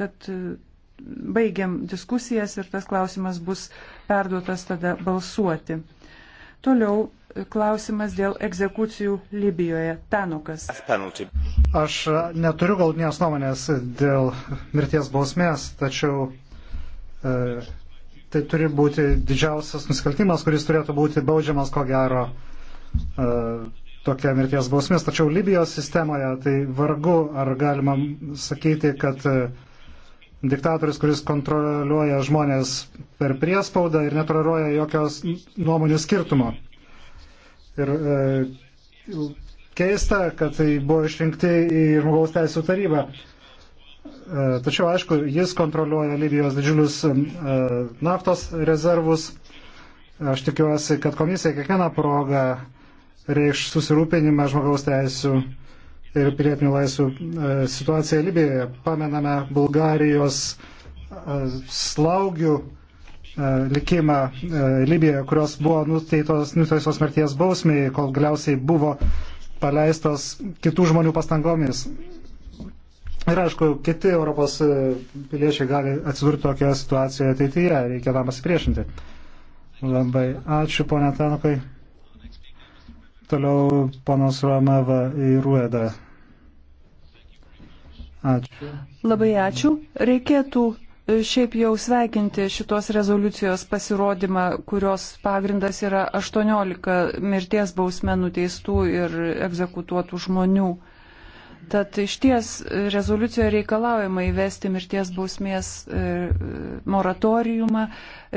Tad e, baigiam diskusijas ir tas klausimas bus perduotas tada balsuoti. Toliau e, klausimas dėl egzekucijų Libijoje. Tanukas. Aš e, neturiu galtinės nuomonės dėl mirties bausmės, tačiau e, tai turi būti didžiausias nusikaltimas, kuris turėtų būti baudžiamas ko gero e, tokia mirties bausmės. Tačiau Libijos sistemoje tai vargu ar galima sakyti, kad e, diktatorius, kuris kontroliuoja žmonės per priespaudą ir netoleruoja jokios nuomonių skirtumo. Ir e, keista, kad tai buvo išrinkti į žmogaus teisų tarybą. E, tačiau, aišku, jis kontroliuoja Libijos didžiulius e, naftos rezervus. Aš tikiuosi, kad komisija kiekvieną progą reikš susirūpinimą žmogaus teisų ir pilietinių laisvių e, situaciją Libijoje. Pamename Bulgarijos e, slaugių e, likimą Libijoje, kurios buvo nuteitos, nuteitos mirties bausmiai, kol galiausiai buvo paleistos kitų žmonių pastangomis. Ir aišku, kiti Europos piliečiai gali atsidurti tokioje situacijoje ateityje, reikia tam pasipriešinti. Labai ačiū, ponia Tanukai. Toliau panas Romava į Ruedą. Ačiū. Labai ačiū. Reikėtų e, šiaip jau sveikinti šitos rezoliucijos pasirodymą, kurios pagrindas yra 18 mirties bausmenų teistų ir egzekutuotų žmonių. Tad iš ties rezoliucijoje reikalaujama įvesti mirties bausmės e, moratoriumą,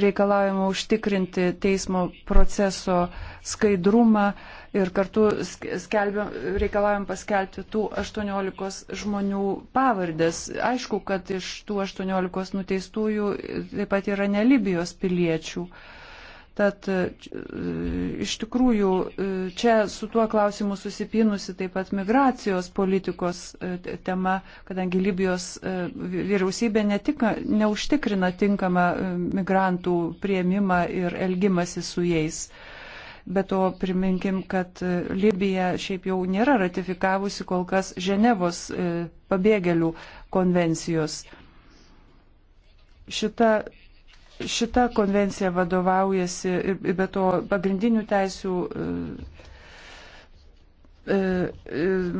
reikalaujama užtikrinti teismo proceso skaidrumą ir kartu skelbiam, reikalaujam paskelbti tų 18 žmonių pavardės. Aišku, kad iš tų 18 nuteistųjų taip pat yra ne Libijos piliečių. Uh, Tad e, iš tikrųjų e, čia su tuo klausimu susipinusi taip pat migracijos politikos e, tema, kadangi Libijos vyriausybė netika, neužtikrina tinkamą migrantų prieimimą ir elgimasi su jais. Bet to priminkim, kad Libija šiaip jau nėra ratifikavusi kol kas Ženevos pabėgėlių konvencijos. Šita šita konvencija vadovaujasi ir be to pagrindinių teisių e, e,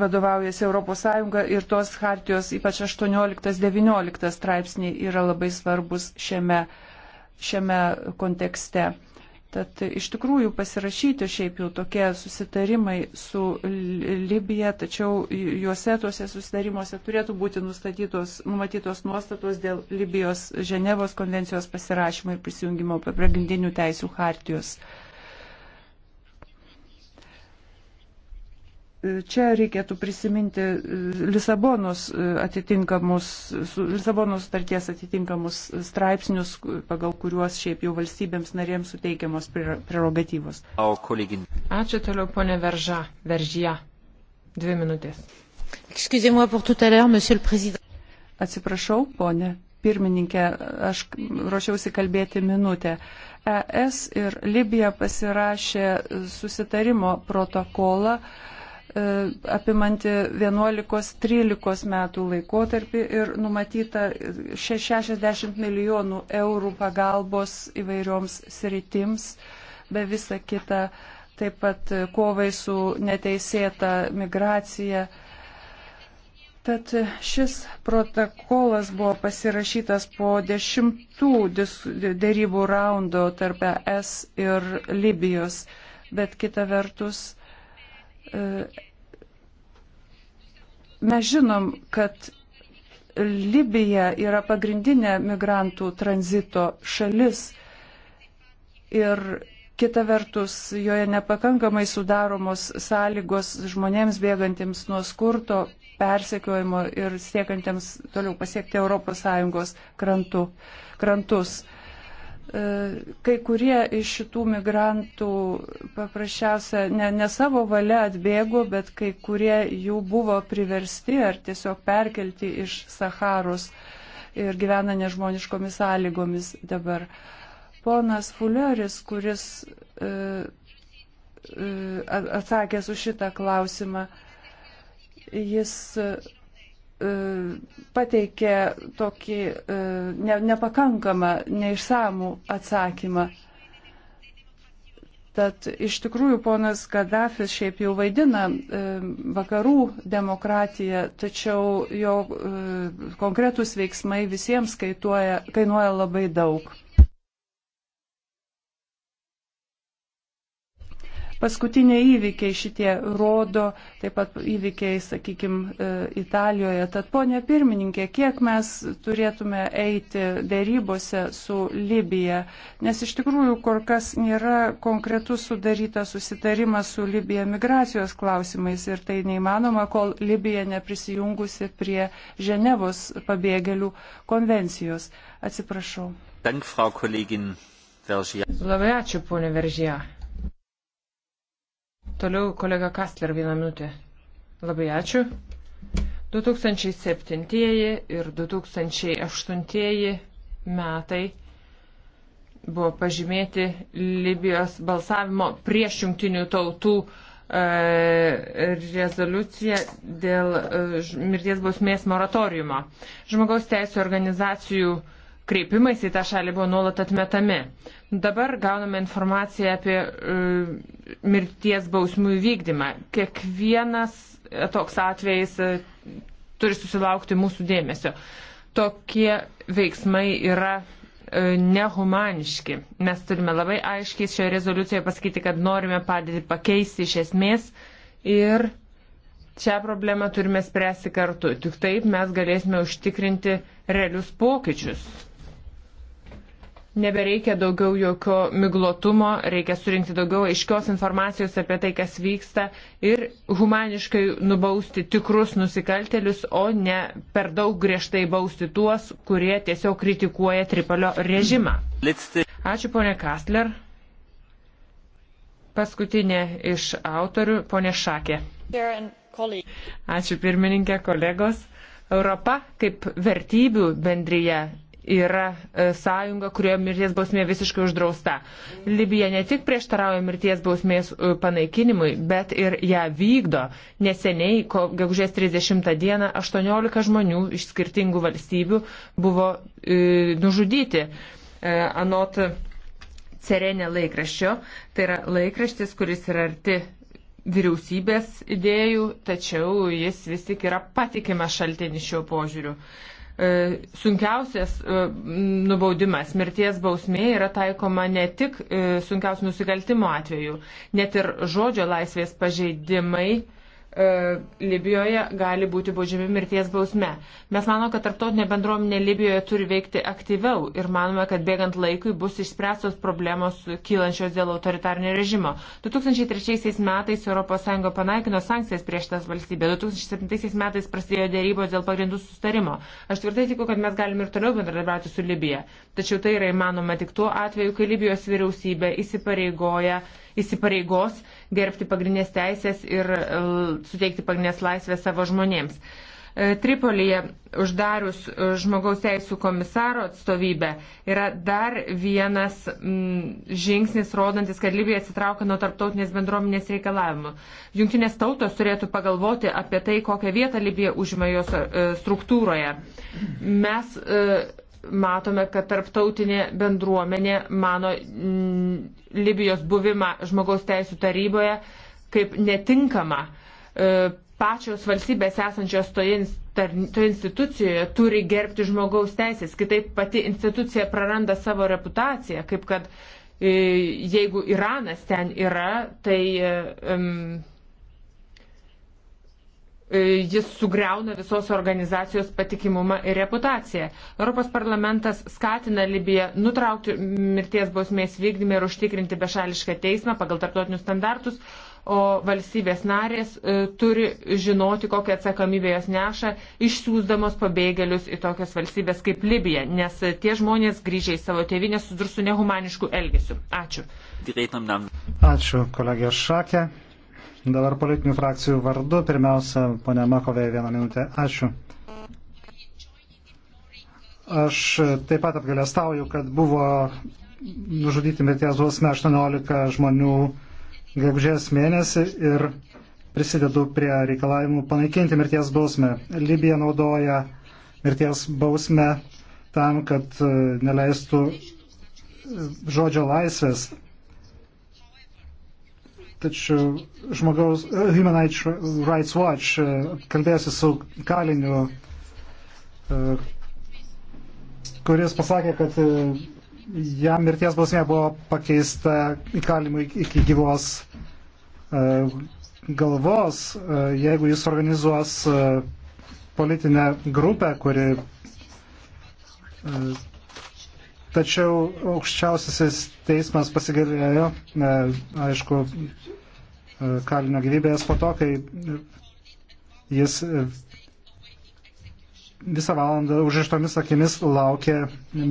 vadovaujasi ES ir tos hartijos, ypač 18-19 straipsniai, yra labai svarbus šiame, šiame kontekste. Tad iš tikrųjų pasirašyti šiaip jau tokie susitarimai su Libija, tačiau juose tuose susitarimuose turėtų būti nustatytos, numatytos nuostatos dėl Libijos Ženevos konvencijos pasirašymo ir prisijungimo prie pagrindinių teisų hartijos. Uh, čia reikėtų prisiminti e, Lisabonos e, atitinkamus, Lisabonos starties atitinkamus straipsnius, pagal kuriuos šiaip jau valstybėms narėms suteikiamos prerogatyvos. Ačiū toliau, ponė Verža, Veržyje. Dvi minutės. Atsiprašau, ponė pirmininkė, aš ruošiausi kalbėti minutę. ES ir Libija pasirašė susitarimo protokolą, uh, E, apimanti 11-13 metų laikotarpį ir numatyta 60 milijonų eurų pagalbos įvairioms sritims, be visa kita, taip pat kovai su neteisėta migracija. Tad šis protokolas buvo pasirašytas po dešimtų dėrybų raundo tarp ES ir Libijos, bet kita vertus E, mes žinom, kad Libija yra pagrindinė migrantų tranzito šalis ir kita vertus joje nepakankamai sudaromos sąlygos žmonėms bėgantiems nuo skurto, persekiojimo ir siekantiems toliau pasiekti ES krantų, krantus. E, kai kurie iš šitų migrantų paprasčiausia ne, ne savo valia atbėgo, bet kai kurie jų buvo priversti ar tiesiog perkelti iš Saharos ir gyvena nežmoniškomis sąlygomis dabar. Ponas Fulleris, kuris e, e, atsakė su šitą klausimą, jis. E, E, pateikė tokį e, ne, nepakankamą, neišsamų atsakymą. Tad iš tikrųjų ponas Gaddafis šiaip jau vaidina e, vakarų demokratiją, tačiau jo e, konkretus veiksmai visiems kaituoja, kainuoja labai daug. Paskutiniai įvykiai šitie rodo, taip pat įvykiai, sakykime, Italijoje. Tad, ponė pirmininkė, kiek mes turėtume eiti dėrybose su Libija, nes iš tikrųjų kur kas nėra konkretus sudarytas susitarimas su Libija migracijos klausimais ir tai neįmanoma, kol Libija neprisijungusi prie Ženevos pabėgėlių konvencijos. Atsiprašau. Dank, Frau Kollegin. Labai ačiū, ponė Veržija. Toliau kolega Kastler vieną minutę. Labai ačiū. 2007 ir 2008 metai buvo pažymėti Libijos balsavimo prieš jungtinių tautų e, rezoliuciją dėl e, mirties bausmės moratoriumo. Žmogaus teisų organizacijų kreipimais į tą šalį buvo nuolat atmetami. Dabar gauname informaciją apie uh, mirties bausmų įvykdymą. Kiekvienas e, toks atvejis uh, turi susilaukti mūsų dėmesio. Tokie veiksmai yra nehumaniški. Mes turime labai aiškiai šioje rezoliucijoje pasakyti, kad norime padėti pakeisti iš esmės ir šią problemą turime spręsti kartu. Tik taip mes galėsime užtikrinti realius pokyčius. Nebereikia daugiau jokio miglotumo, reikia surinkti daugiau aiškios informacijos apie tai, kas vyksta ir humaniškai nubausti tikrus nusikaltelius, o ne per daug griežtai bausti tuos, kurie tiesiog kritikuoja Tripolio režimą. Ačiū, ponė Kastler. Paskutinė iš autorių, ponė Šakė. Ačiū pirmininkė, kolegos. Europa kaip vertybių bendryje yra e, sąjunga, kurioje mirties bausmė visiškai uždrausta. Libija ne tik prieštarauja mirties bausmės e, panaikinimui, bet ir ją vykdo. Neseniai, gegužės 30 dieną, 18 žmonių iš skirtingų valstybių buvo e, nužudyti. E, anot Cerenė laikraščio, tai yra laikraštis, kuris yra arti vyriausybės idėjų, tačiau jis vis tik yra patikimas šaltinis šiuo požiūriu. E, E, sunkiausias e, nubaudimas, mirties bausmė yra taikoma ne tik e, sunkiausių nusikaltimo atveju, net ir žodžio laisvės pažeidimai E, Libijoje gali būti baudžiami mirties bausme. Mes manome, kad tarptautinė bendruomenė Libijoje turi veikti aktyviau ir manome, kad bėgant laikui bus išspręstos problemos kylančios dėl autoritarnio režimo. 2003 metais ES panaikino sankcijas prieš tas valstybė, 2007 metais prasidėjo dėrybos dėl pagrindų sustarimo. Aš tvirtai tikiu, kad mes galime ir toliau bendradarbiauti su Libija. Tačiau tai yra įmanoma tik tuo atveju, kai Libijos vyriausybė įsipareigoja, įsipareigos gerbti pagrindinės teisės ir e, suteikti pagrindinės laisvės savo žmonėms. E, Tripolyje uždarius e, žmogaus teisų komisaro atstovybę yra dar vienas m, žingsnis rodantis, kad Libija atsitraukia nuo tarptautinės bendruomenės reikalavimų. Junktinės tautos turėtų pagalvoti apie tai, kokią vietą Libija užima jos e, struktūroje. Mes e, matome, kad tarptautinė bendruomenė mano Libijos buvimą žmogaus teisų taryboje kaip netinkamą. E, pačios valstybės esančios toje institucijoje turi gerbti žmogaus teisės, kitaip pati institucija praranda savo reputaciją, kaip kad e, jeigu Iranas ten yra, tai um, E, jis sugriauna visos organizacijos patikimumą ir reputaciją. Europos parlamentas skatina Libiją nutraukti mirties bausmės vykdymą ir užtikrinti bešališką teismą pagal tarptautinius standartus, o valstybės narės e, turi žinoti, kokią atsakomybę jos neša, išsiūsdamos pabėgėlius į tokias valstybės kaip Libija, nes tie žmonės grįžę į savo tėvynę sudurs su nehumanišku elgesiu. Ačiū. Ačiū, kolegė Šakė. Dabar politinių frakcijų vardu. Pirmiausia, ponia Makovė, vieną minutę. Ačiū. Aš taip pat apgalėstauju, kad buvo nužudyti mirties duosme 18 žmonių gegužės mėnesį ir prisidedu prie reikalavimų panaikinti mirties bausmę. Libija naudoja mirties bausmę tam, kad neleistų žodžio laisvės Tačiau žmogaus, e, Human Rights Watch e, kalbėjosi su kaliniu, e, kuris pasakė, kad jam mirties bausmė buvo pakeista įkalimu iki gyvos galvos, jeigu jis organizuos politinę grupę, kuri Tačiau aukščiausiasis teismas pasigalėjo, e, aišku, e, kalinio gyvybės po to, kai jis e, visą valandą užrištomis akimis laukė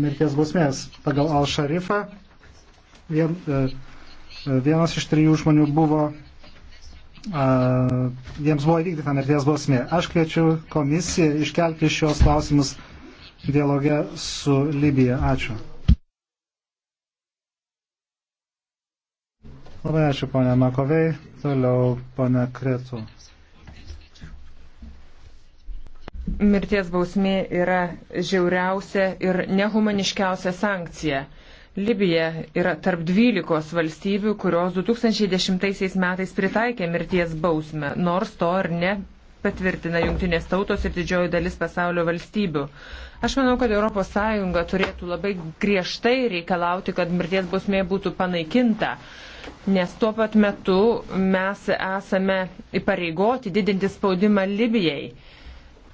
mirties bausmės. Pagal Al-Sharifą vien, vienas iš trijų žmonių buvo, jiems buvo įvykdyta mirties bausmė. Aš kviečiu komisiją iškelti šios klausimus dialoge su Libija. Ačiū. Labai ačiū, ponia Makovei. Toliau, ponia Kretų. Mirties bausmė yra žiauriausia ir nehumaniškiausia sankcija. Libija yra tarp 12 valstybių, kurios 2010 metais pritaikė mirties bausmę, nors to ir ne patvirtina jungtinės tautos ir didžioji dalis pasaulio valstybių. Aš manau, kad ES turėtų labai griežtai reikalauti, kad mirties bausmė būtų panaikinta, nes tuo pat metu mes esame įpareigoti didinti spaudimą Libijai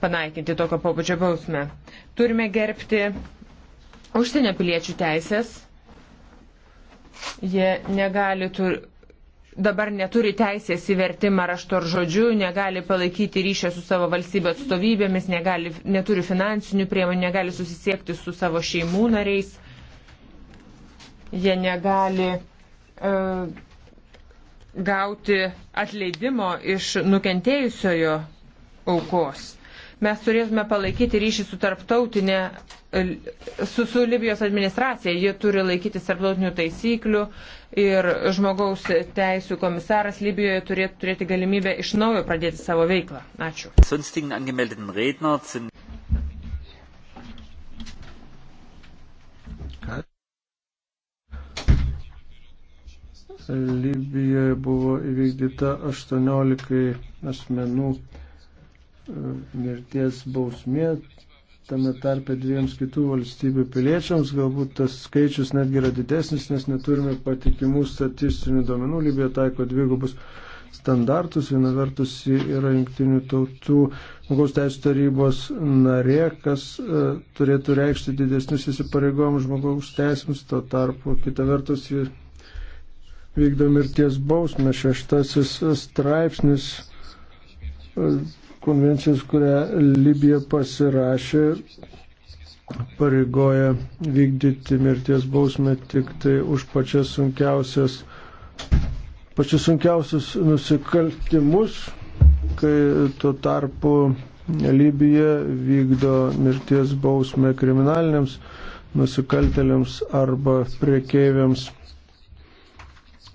panaikinti tokio pobūdžio bausmę. Turime gerbti užsienio piliečių teisės. Jie negali turi dabar neturi teisės įvertimą raštu ar žodžiu, negali palaikyti ryšio su savo valstybė atstovybėmis, negali, neturi finansinių priemonių, negali susisiekti su savo šeimų nariais, jie negali uh, gauti atleidimo iš nukentėjusiojo aukos. Mes turėtume palaikyti ryšį su tarptautinė, su, su Libijos administracija. Jie turi laikytis tarptautinių taisyklių ir žmogaus teisų komisaras Libijoje turėtų turėti galimybę iš naujo pradėti savo veiklą. Ačiū. Libijoje buvo įvykdyta 18 asmenų mirties bausmė, tame tarpe dviems kitų valstybių piliečiams, galbūt tas skaičius netgi yra didesnis, nes neturime patikimų statistinių duomenų, Libija taiko dvigubus standartus, viena vertus yra jungtinių tautų žmogaus teisų tarybos narė, kas e, turėtų reikšti didesnius įsipareigojimus žmogaus teisėms, to tarpu kita vertus jį vykdo mirties bausmė, šeštasis straipsnis e, konvencijos, kurią Libija pasirašė, pareigoja vykdyti mirties bausmę tik tai už pačias sunkiausias, pačias sunkiausias nusikaltimus, kai tuo tarpu Libija vykdo mirties bausmę kriminaliniams nusikaltėliams arba priekeiviams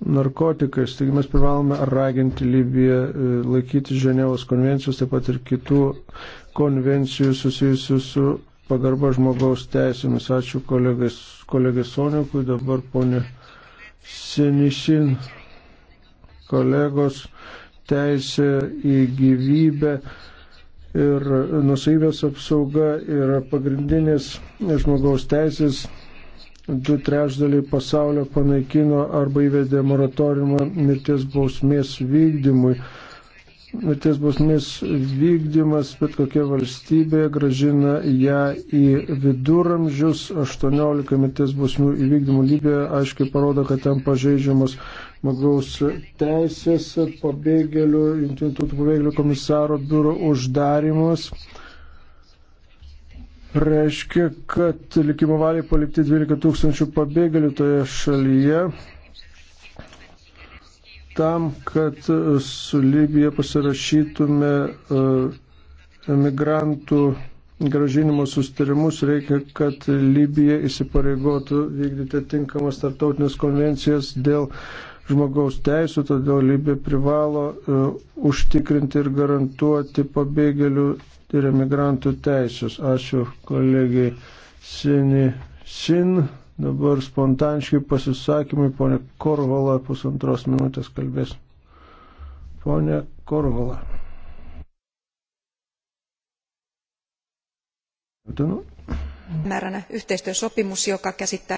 narkotikais. Taigi mes privalome raginti Libiją e, laikyti Ženevos konvencijos, taip pat ir kitų konvencijų susijusių su pagarba žmogaus teisėmis. Ačiū kolegai Sonikui, dabar ponė Senišin, kolegos teisė į gyvybę ir nusavybės apsauga yra pagrindinės žmogaus teisės du trečdaliai pasaulio panaikino arba įvedė moratoriumą mirties bausmės vykdymui. Mirties bausmės vykdymas, bet kokia valstybė gražina ją į viduramžius. 18 mirties bausmių įvykdymų Libijoje aiškiai parodo, kad ten pažeidžiamos žmogaus teisės, pabėgėlių, jungtinių tautų pabėgėlių komisaro biuro uždarimas reiškia, kad likimo valiai palikti 12 tūkstančių pabėgėlių toje šalyje tam, kad su Libija pasirašytume e, emigrantų gražinimo sustarimus, reikia, kad Libija įsipareigotų vykdyti tinkamas tarptautinės konvencijas dėl žmogaus teisų, todėl Libija privalo uh, užtikrinti ir garantuoti pabėgėlių ir emigrantų teisės. Ačiū kolegijai Sini Sin. Dabar spontaniškai pasisakymai, ponė Korvala, pusantros minutės kalbės. Ponė Korvala. Määräinen yhteistyösopimus, joka käsittää...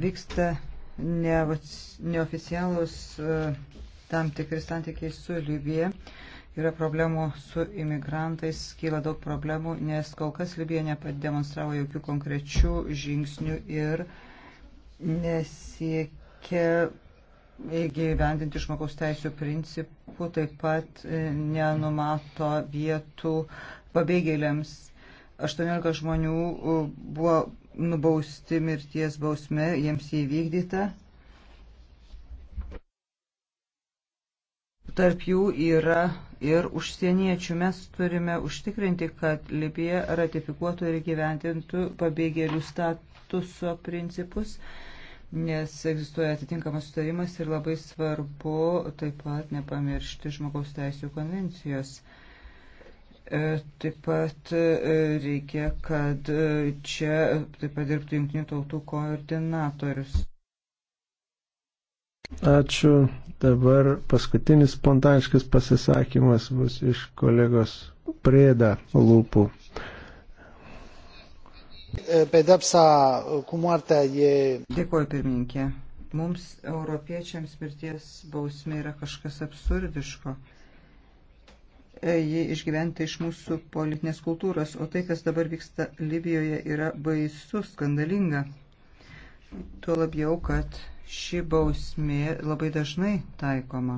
Vyksta neoficialus tam tikri santykiai su Libija. Uh, Yra problemų su imigrantais, kyla daug problemų, nes kol kas Libija nepademonstravo jokių konkrečių žingsnių ir nesiekia įgyvendinti žmogaus teisų principų, taip pat e, nenumato vietų pabėgėliams. 18 žmonių e, buvo nubausti mirties bausme, jiems įvykdyta tarp jų yra ir užsieniečių. Mes turime užtikrinti, kad Libija ratifikuotų ir gyventintų pabėgėlių statuso principus, nes egzistuoja atitinkamas sutarimas ir labai svarbu taip pat nepamiršti žmogaus teisų konvencijos. E, taip pat e, reikia, kad e, čia taip pat dirbtų jungtinių tautų koordinatorius. Ačiū. Dabar paskutinis spontaniškas pasisakymas bus iš kolegos Prėda lūpų. E, pedepsa e, cu moartea e... Dėkuoju, pirmininkė. Mums, europiečiams, mirties bausmė yra kažkas absurdiško e, jį išgyventi iš mūsų politinės kultūros, o tai, kas dabar vyksta Libijoje, yra baisu, skandalinga. Tuo labiau, kad ši bausmė labai dažnai taikoma.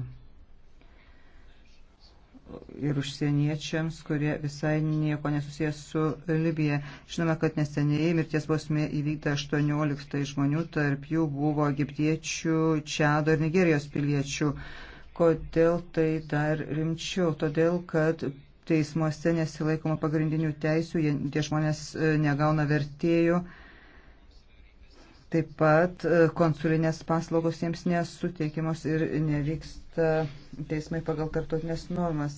Ir užsieniečiams, kurie visai nieko nesusijęs su Libija. Žinome, kad neseniai mirties bausmė įvykta 18 žmonių, tarp jų buvo egiptiečių, Čado ir Nigerijos piliečių. Kodėl tai dar rimčiau? Todėl, kad teismuose nesilaikoma pagrindinių teisių, jie, tie žmonės e, negauna vertėjų. Taip pat e, konsulinės paslaugos jiems nesuteikiamos ir nevyksta teismai pagal tartotinės normas.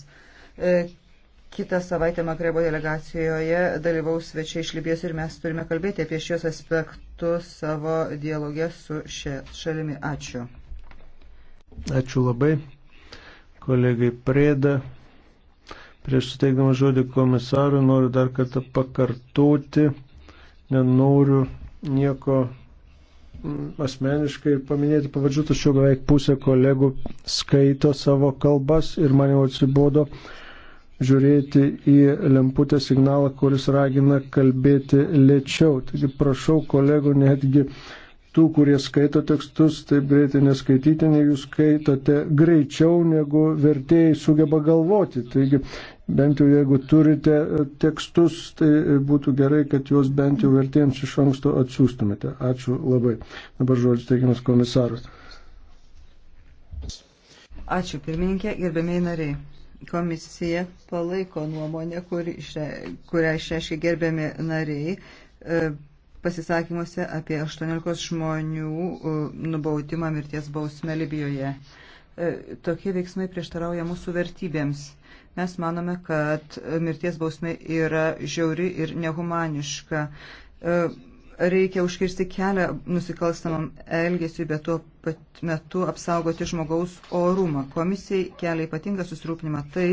E, kitą savaitę Makrebo delegacijoje dalyvaus svečiai iš Libijos ir mes turime kalbėti apie šios aspektus savo dialogę su šia šalimi. Ačiū. Ačiū labai. Kolegai Prėda. Prieš suteikdama žodį komisarui noriu dar kartą pakartoti. Nenoriu nieko Mm, asmeniškai paminėti pavadžių, tačiau beveik pusė kolegų skaito savo kalbas ir man jau atsibodo žiūrėti į lemputę signalą, kuris ragina kalbėti lėčiau. Taigi prašau kolegų netgi tų, kurie skaito tekstus, taip greitai neskaityti, nei jūs skaitote greičiau, negu vertėjai sugeba galvoti. Taigi, bent jau jeigu turite e, tekstus, tai būtų gerai, kad juos bent jau vertėjams iš anksto atsiųstumėte. Ačiū labai. Dabar žodžiu teikimas komisarui. Ačiū pirmininkė, gerbėmiai nariai. Komisija palaiko nuomonę, kur išre, kurią išreiškia gerbiami nariai e, pasisakymuose apie 18 žmonių e, nubaudimą mirties bausmę Libijoje. E, tokie veiksmai prieštarauja mūsų vertybėms. Mes manome, kad mirties bausmė yra žiauri ir nehumaniška. E, reikia užkirsti kelią nusikalstamam elgesiu, bet tuo pat metu apsaugoti žmogaus orumą. Komisijai kelia ypatingą susirūpinimą tai,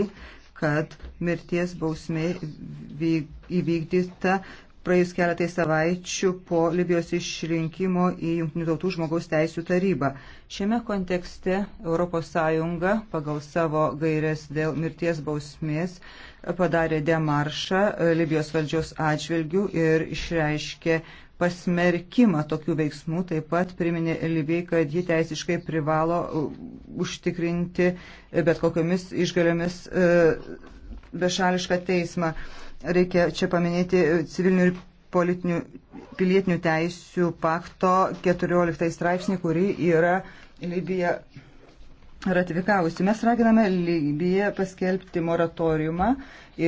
kad mirties bausmė įvykdyta praėjus keletai savaičių po Libijos išrinkimo į Junktinių tautų žmogaus teisų tarybą. Šiame kontekste ES pagal savo gairias dėl mirties bausmės padarė demaršą Libijos valdžios atžvilgių ir išreiškė pasmerkimą tokių veiksmų, taip pat priminė Libijai, kad ji teisiškai privalo uh, užtikrinti bet kokiamis išgaliomis uh, bešališką teismą. Reikia čia paminėti civilinių ir politinių pilietinių teisių pakto 14 straipsnį, kurį yra Libija ratifikavusi. Mes raginame Libiją paskelbti moratoriumą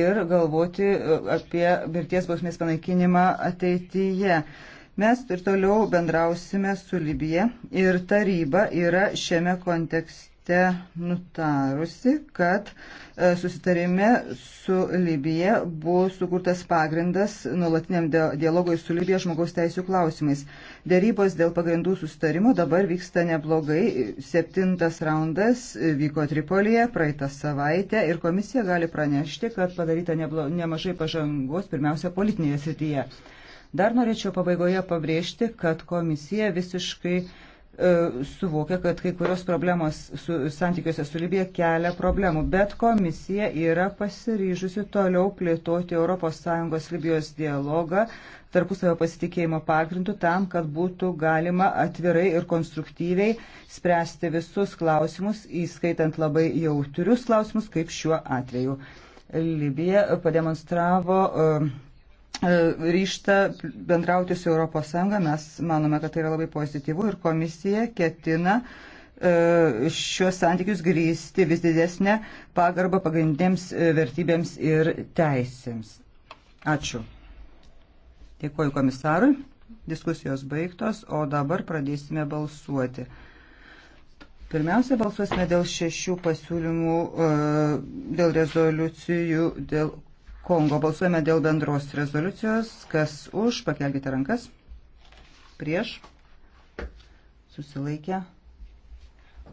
ir galvoti e, apie mirties bausmės panaikinimą ateityje. Mes ir toliau bendrausime su Libija ir taryba yra šiame kontekste parlamente nutarusi, kad e, susitarime su Libija buvo sukurtas pagrindas nuolatiniam dialogui su Libija žmogaus teisų klausimais. Dėrybos dėl pagrindų susitarimo dabar vyksta neblogai. Septintas raundas vyko Tripolėje praeitą savaitę ir komisija gali pranešti, kad padaryta neblo, nemažai pažangos, pirmiausia, politinėje srityje. Dar norėčiau pabaigoje pabrėžti, kad komisija visiškai E, suvokia, kad kai kurios problemos su, santykiuose su Libija kelia problemų, bet komisija yra pasiryžusi toliau plėtoti ES Libijos dialogą tarpusavio pasitikėjimo pagrindų tam, kad būtų galima atvirai ir konstruktyviai spręsti visus klausimus, įskaitant labai jautrius klausimus, kaip šiuo atveju. Libija pademonstravo uh, E, ryštą bendrauti su ES, mes manome, kad tai yra labai pozityvu ir komisija ketina e, šios santykius grįsti vis didesnę pagarbą pagrindėms e, vertybėms ir teisėms. Ačiū. Dėkuoju komisarui. Diskusijos baigtos, o dabar pradėsime balsuoti. Pirmiausia, balsuosime dėl šešių pasiūlymų, dėl rezoliucijų, dėl Kongo. Balsuojame dėl bendros rezoliucijos. Kas už, pakelkite rankas. Prieš. Susilaikė.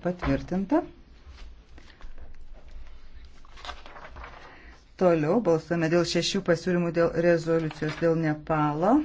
Patvirtinta. Toliau balsuojame dėl šešių pasiūlymų dėl rezoliucijos dėl Nepalo.